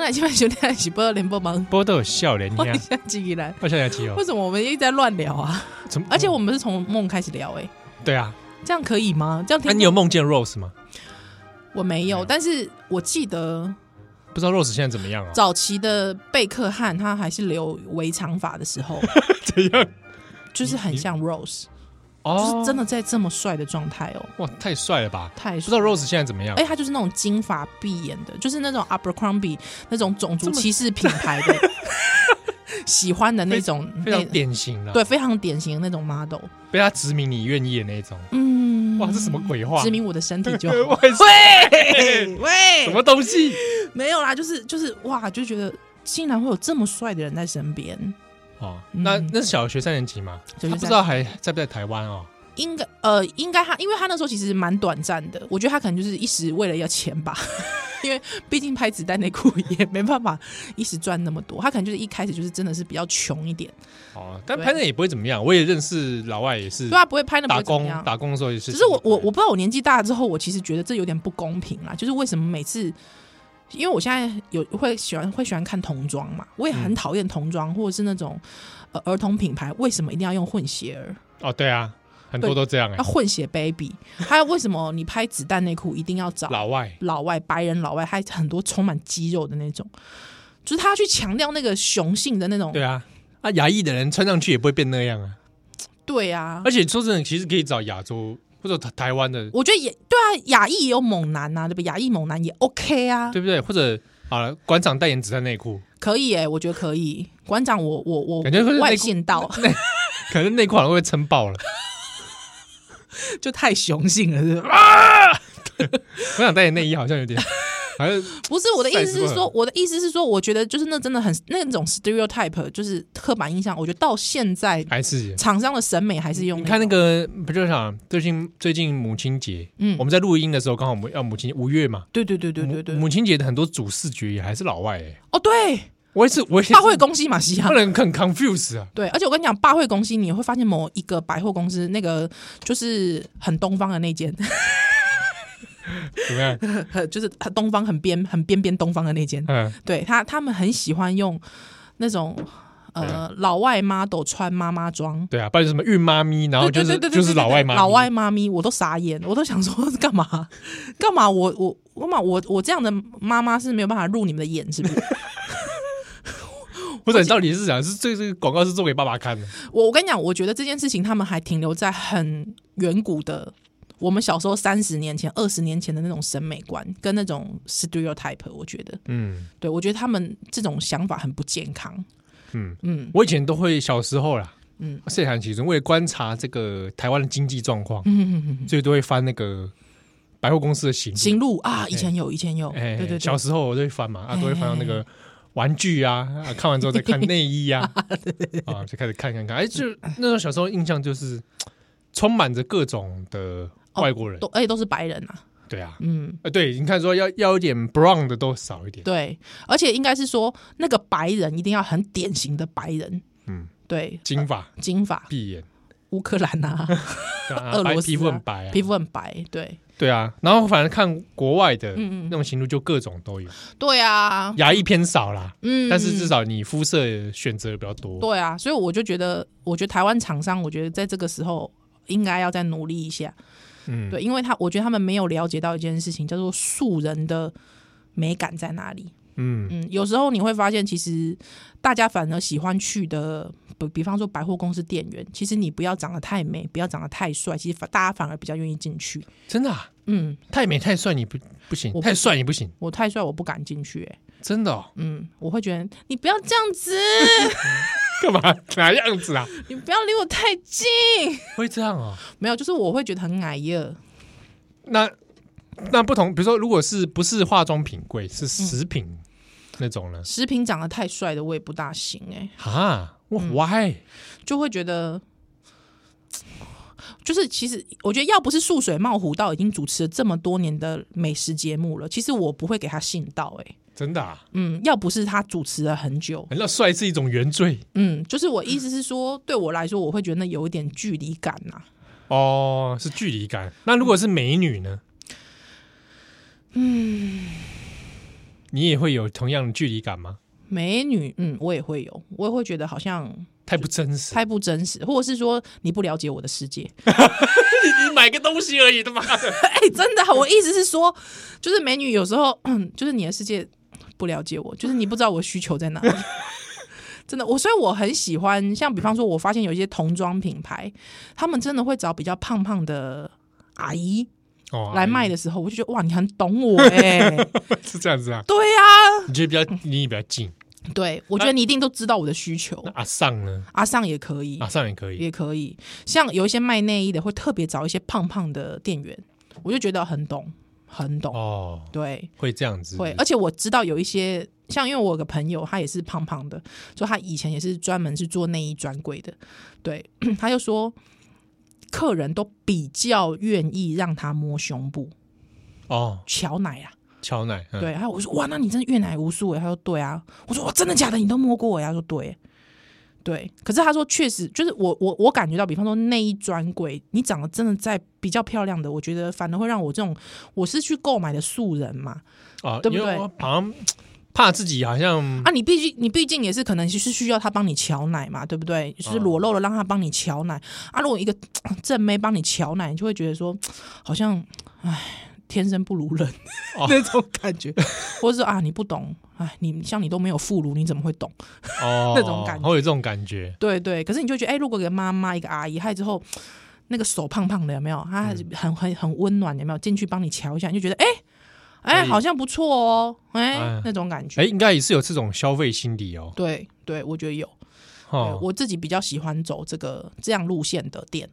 Speaker 1: 本來想訓練起波播臉播忙，波播笑臉，波豆笑起來，波豆想起來。為什麼我們一直在亂聊啊？麼而且我們是從夢開始聊誒、欸。對啊，這樣可以嗎？這樣聽、啊、你有
Speaker 2: 夢見 Rose 嗎？我沒
Speaker 1: 有，沒有但是我記得。
Speaker 2: 不知道 Rose 現在怎麼樣啊、喔？早
Speaker 1: 期的貝克漢他還是留圍長髮的時候， 怎樣？就是很像 Rose。就是真的在這麼帥的狀態哦，哇，太
Speaker 2: 帥了吧！太帥了。不知道 Rose 現在怎麼樣？哎，他就
Speaker 1: 是那種金髮碧眼的，就是那種 Abercrombie 那種種族歧視品牌的喜歡的那種，非常典型的，對，非常典型的那種 model。
Speaker 2: 被他殖民你願意的那種？嗯，哇，這什麼鬼話？殖民我
Speaker 1: 的身體就好。喂喂，什麼東西？沒有啦，就是就是哇，就覺得竟然會有這麼帥的人在身邊。哦，那那是小學
Speaker 2: 三年級嗎？嗯、他不知道還在不在台灣哦？
Speaker 1: 應該呃，應該他，因為他那時候其實蠻短暫的。我覺得他可能就是一時為了要錢吧， 因為畢竟拍子彈內褲也沒辦法一時賺那麼多。他可能就是一開始就是真的是比較窮一點。哦，
Speaker 2: 但拍的也不會怎麼樣。對我也認識老外，也是對啊，不會拍那麼多。打工打工的時候也是。只是我
Speaker 1: 我我不知道，我年紀大了之後，我其實覺得這有點不公平啊！就是為什麼每次？因為我現在有會喜歡會喜歡看童裝嘛，我也很討厭童裝或者是那種呃兒童品牌，為什麼一定要用混血兒？
Speaker 2: 哦，對啊，很多都這樣哎、欸，混血
Speaker 1: baby， 還有為什麼你拍子彈內褲一定要找老外？老外白人老外，還有很多充滿肌肉的那種，就是他要去強調那個雄性的那種。對
Speaker 2: 啊，啊，亞裔的人穿上去也不會變那樣啊。
Speaker 1: 對啊，而且
Speaker 2: 說真的，其實可以找亞洲。或者台灣的，我覺得
Speaker 1: 也對啊，亞裔也有猛男啊，對不對？亞裔猛男也 OK 啊，
Speaker 2: 對不對？或者好了，館長代言子彈內褲
Speaker 1: 可以哎、欸，我覺得可以。館長我，我我我感覺外線到，
Speaker 2: 可是內褲好像會被撐爆了，
Speaker 1: 就太雄性了是不是，
Speaker 2: 是啊。館長代言內衣好像有點。 不是我的意思是說，
Speaker 1: 我的意思是說，我覺得就是那真的很那種 stereotype，就是刻板印象。我覺得到現在，還是廠商的審美還是用你看那
Speaker 2: 個，不就講最近最近母親節，嗯，我們在錄音的時候，剛好我們要母親節五月嘛，對對對對對對母，母親節的很多主視覺也還是老
Speaker 1: 外哎、欸，哦，對，我也是，我也是。霸會公司嘛，來西亞，讓人很 confused 啊。對，而且我跟你講，霸會公司你會發現某一個百貨公司那個就是很東方的那間。 怎麼樣？ 就是東方很邊、很邊邊東方的那間。嗯，對他，他們很喜歡用那種呃、哎、呀老外 model 穿媽媽裝。
Speaker 2: 對啊，不管什麼孕媽咪，然後就是對對對對就是老外媽老外
Speaker 1: 媽咪，我都傻眼，我都想說幹嘛幹嘛，嘛？我我我嘛我我這樣的媽媽是沒有辦法入你們的眼，是不是？
Speaker 2: 我者我起你到底是想是這這個廣告是做給爸爸看的？
Speaker 1: 我我跟你講，我覺得這件事情他們還停留在很遠古的。我們小時候三十年前、二十年前的那種審美觀跟那種 stereotype，我覺得，嗯，對，我覺得他們這種想法很不健康。嗯嗯，
Speaker 2: 我以前都會小時候啦，嗯，涉行其中，為了觀察這個台灣的經濟狀況，嗯嗯嗯，最多會翻那個百貨公司的行行路啊，以前
Speaker 1: 有，以前有，對對，小時
Speaker 2: 候我都會翻嘛，啊，都會翻到那個玩具啊，看完之後再看內衣啊，啊，就開始看看看，哎，就那種小時候印象就是充滿着各種的。外國人，都而且都是白人啊。對啊，嗯，呃，對，你看說要要一點 brown 的都少一點。對，
Speaker 1: 而且應該是說那個白人一定要很典型的白人，嗯，對，金髮，金髮，碧眼，烏克蘭啊，
Speaker 2: 俄羅斯，皮膚很白，皮膚很白，對，對啊。然後反正看國外的那種型錄就各種都有。
Speaker 1: 對啊，
Speaker 2: 亞裔偏少啦，嗯，但是至少你膚色選擇比較多。對
Speaker 1: 啊，所以我就覺得，我覺得台灣廠商，我覺得在這個時候應該要再努力一下。嗯，對，因為他我覺得他們沒有了解到一件事情，叫做素人的美感在哪裡？嗯嗯，有時候你會發現，其實大家反而喜歡去的，比比方說百貨公司店員，其實你不要長得太美，不要長得太帥，其實反大家反而比較願意進去。真的、啊？嗯，太美太帥你不不行，我不太帥也不行。我太帥，我不敢進去、欸。哎，真的、哦？嗯，我會覺得你不要這樣子，幹 嘛哪樣子啊？你不要離我太近，會這樣啊？ 沒有，就是我會覺得很矮耶。
Speaker 2: 那那不同，比如說，如果是不是化妝品櫃，是食品。嗯那種呢，
Speaker 1: 食品長得太帥的我也不大行哎、
Speaker 2: 欸。啊，why？、嗯、就會
Speaker 1: 覺得，就是其實我覺得要不是速水もこみち已經主持了這麼多年的美食節目了，其實我不會給他吸引到哎。真的、啊？嗯，要不是他主持了很久，
Speaker 2: 那帥是一種原罪。
Speaker 1: 嗯，就是我意思是說，嗯、對我來說我會覺得那有一點距離感吶、
Speaker 2: 啊。哦，是距離感。那如果是美女呢？嗯。
Speaker 1: 嗯
Speaker 2: 你也會有同樣的距離感嗎？
Speaker 1: 美女，嗯，我也會有，我也會覺得好像太不真實，太不真實，或者是說你不了解我的世界，
Speaker 2: 你買個東西而已的嘛？哎
Speaker 1: 欸，真的，我意思是說，就是美女有時候，就是你的世界不了解我，就是你不知道我需求在哪裡。真的，我所以我很喜歡，像比方說，我發現有一些童裝品牌，他們真的會找比較胖胖的阿姨。哦，來賣的時候我就覺得哇，你很懂我哎、欸，
Speaker 2: 是這樣子啊？對啊，你覺得比較離你比較近？
Speaker 1: 對，我覺得你一定都知道我的需求。啊、那阿桑呢？阿桑也可以，阿桑、啊、也可以，也可以。像有一些賣內衣的，會特別找一些胖胖的店員，我就覺得很懂，很懂哦。對，
Speaker 2: 會這樣子是是。會，而
Speaker 1: 且我知道有一些，像因為我有個朋友，他也是胖胖的，就他以前也是專門是做內衣專櫃的，對，他就說。客人都比較願意讓他摸胸部，哦，喬奶啊，喬
Speaker 2: 奶，嗯、對，然
Speaker 1: 後我說哇，那你真的閱奶無數耶，他說對啊，我說哇，真的假的，你都摸過我呀，他說對，對，可是他說確實，就是我我我感覺到，比方說內衣專櫃，你長得真的在比較漂亮的，我覺得反而會讓我這種我是去購買的素人嘛，
Speaker 2: 啊，對不對？怕自己好像啊你，你
Speaker 1: 畢竟你畢竟也是可能就是需要他幫你喬奶嘛，對不對？就是裸露，了讓他幫你喬奶啊。如果一個正妹幫你喬奶，你就會覺得說，好像哎，天生不如人、哦、 那種感覺，或者是說啊，你不懂哎，你像你都沒有副乳你怎麼會懂、哦、 那種感覺、哦？我
Speaker 2: 有這種感覺，
Speaker 1: 對，對對。可是你就覺得，哎、欸，如果一個媽媽一個阿姨，害之後那個手胖胖的有沒有？她還是很很很溫暖有沒有？進去幫你喬一下，你就覺得哎。欸哎、欸，好像不錯哦、喔，哎、欸，欸、那種感覺，
Speaker 2: 哎、欸，應該也是有這種消費心理哦、喔。
Speaker 1: 對，對，我覺得有、哦，我自己比較喜歡走這個這樣路線的店。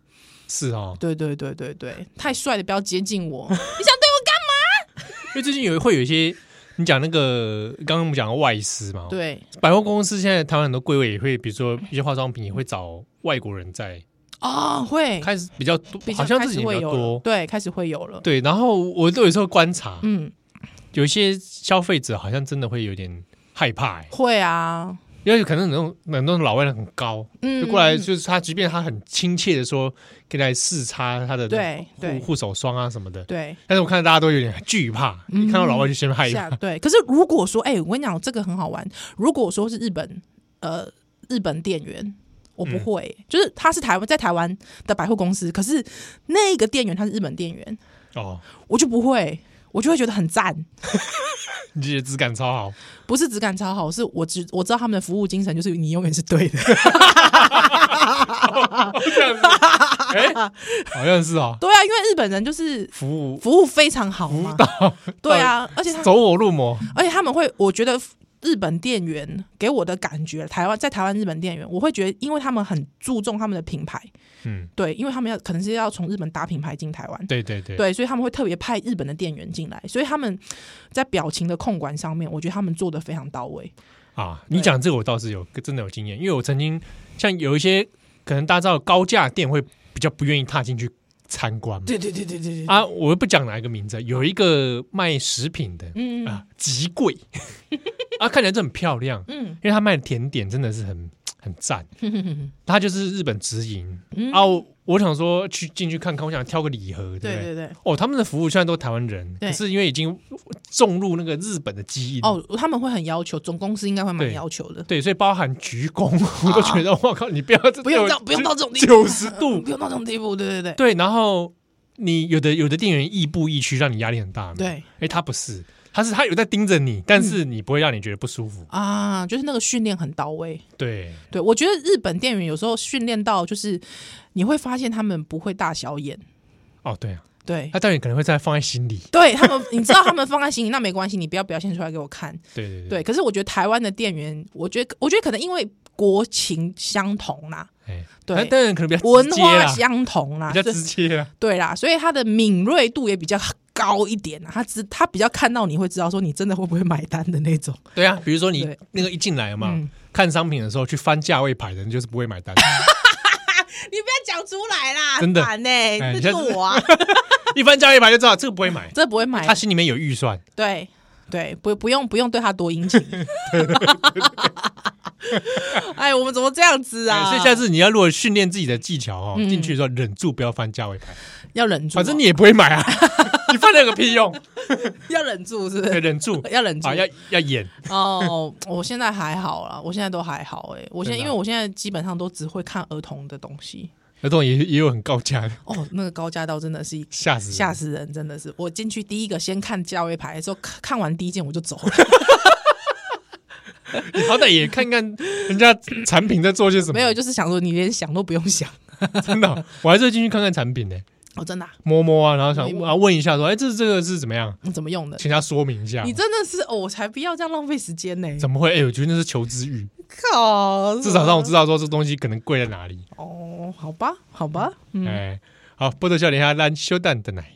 Speaker 2: 是哦。
Speaker 1: 對對對對對，太帥的不要接近我， 你想對我幹
Speaker 2: 嘛？因為最近有會有一些，你講那個剛剛我們講的外資嘛，對，百貨公司現在台灣很多櫃位也會，比如說一些化妝品也會找外國人在。
Speaker 1: 啊、哦，會開始比較多，比較好像自己多會有對，開始會有了。對，然
Speaker 2: 後我都有時候觀察，嗯，有一些消費者好像真的會有點害怕、欸。
Speaker 1: 會啊，
Speaker 2: 因為可能很多很多老外人很高，嗯、就過來，就是他，即便他很親切的說，給他來試擦他的對，護手霜啊什麼的。對。但是我看到大家都有點懼怕，嗯、一看到老外就先害怕、啊。
Speaker 1: 對。可是如果說，哎、欸，我跟你講，這個很好玩。如果說是日本，呃，日本店員。我不會，嗯、就是他是台灣，在台灣的百貨公司，可是那個店員他是日本店員哦，我就不會，我就會覺得很贊。
Speaker 2: 你覺得質感超好？
Speaker 1: 不是質感超好，是我只我知道他們的服務精神，就是你永遠是對的。哈哈
Speaker 2: 哈哈哈！好像是哦，
Speaker 1: 對啊，因為日本人就是服務服務非常好，嘛。
Speaker 2: 對啊，到而且他走火入魔，
Speaker 1: 而且他們會，我覺得。日本店員給我的感覺，台灣在台灣日本店員，我會覺得，因為他們很注重他們的品牌，嗯，對，因為他們要可能是要從日本打品牌進台灣，對對對，對，所以他們會特別派日本的店員進來，所以他們在表情的控管上面，我覺得他們做得非常到位
Speaker 2: 啊。對你講這個我倒是有真的有經驗，因為我曾經像有一些可能大家知道高價店會比較不願意踏進去。參觀嗎？對對對對對，對啊！我又不講哪一個名字，有一個賣食品的嗯嗯啊，極貴 啊，看起來很漂亮。嗯，因為他賣的甜點真的是很很讚，他就是日本直營啊。嗯我想說去進去看看，我想挑個禮盒。對對對。哦，他們的服務現在都是台灣人，對可是因為已經融入那個日本的基因。哦，
Speaker 1: 他們會很要求，總公司應該會蠻要求的
Speaker 2: 對。對，所以包含鞠躬，我都覺得、啊、我靠，你不要
Speaker 1: 這不用到不用到
Speaker 2: 這種九十度，不用到這種地步。對對對。對，然後你有的有的店員亦步亦趨，讓你壓力很大。對，哎、欸，他不是。他是他有在盯着你，但是你不會讓你覺得不舒服、
Speaker 1: 嗯、啊，就是那個訓練很到位。對對，我覺得日本店員有時候訓練到，就是你會發現他們不會大小眼。
Speaker 2: 哦，對啊，對，他當然可能會在放在心裡。
Speaker 1: 對他們，你知道他們放在心裡， 那沒關係，你不要表現出來給我看。對對對,對。可是我覺得台灣的店員，我覺得我覺得可能因為國情相同啦，欸、對，但可能比較直接文化相同啦，比較直接啦對。對啦，所以他的敏銳度也比較。高一點，他只他比較看到你會知道說你真的會不會買單的那種。
Speaker 2: 對啊，比如說你那個一進來嘛，看商品的時候去翻價位牌的人就是不會買單。
Speaker 1: 你不要講出來啦，真的呢，這是我啊
Speaker 2: 一翻價位牌就知道這個不會買，這個不會買，他心裡面有預算。
Speaker 1: 對對，不不用不用對他多殷勤。哎，我們怎麼這樣子啊？所以下次
Speaker 2: 你要如果訓練自己的技巧哦，進去的時候忍住不要翻價位牌。
Speaker 1: 要忍住，反正你也
Speaker 2: 不會買啊，你
Speaker 1: 犯了個屁用？要忍住，是不是？忍住，要忍住，要要演。哦，我現在還好啦，我現在都還好。哎，我現在因為我現在基本上都只會看兒童的東西，
Speaker 2: 兒童也也有很高價的。
Speaker 1: 哦，那個高價到真的是嚇死嚇死人，真的是。我進去第一個先看價位牌，說看完第一件我就走了。
Speaker 2: 你好歹也看看人家產品在做些什麼，沒有，
Speaker 1: 就是想說你連想都不用想。
Speaker 2: 真的，我還是會進去看看產品呢。哦，真的、啊、摸摸啊，然後想啊問一下說，說哎摸、欸，這這個是怎麼樣？
Speaker 1: 怎麼用的？請
Speaker 2: 他說明一下、喔。你
Speaker 1: 真的是、哦，我才不要這樣浪費時間呢、欸。怎
Speaker 2: 麼會？哎、欸，我覺得那是求知慾。
Speaker 1: 靠山，至少讓我
Speaker 2: 知道說這東西可能貴在哪裡。哦，
Speaker 1: 好吧，好吧，
Speaker 2: 哎、嗯欸，好，不得笑你一下，讓休蛋等待。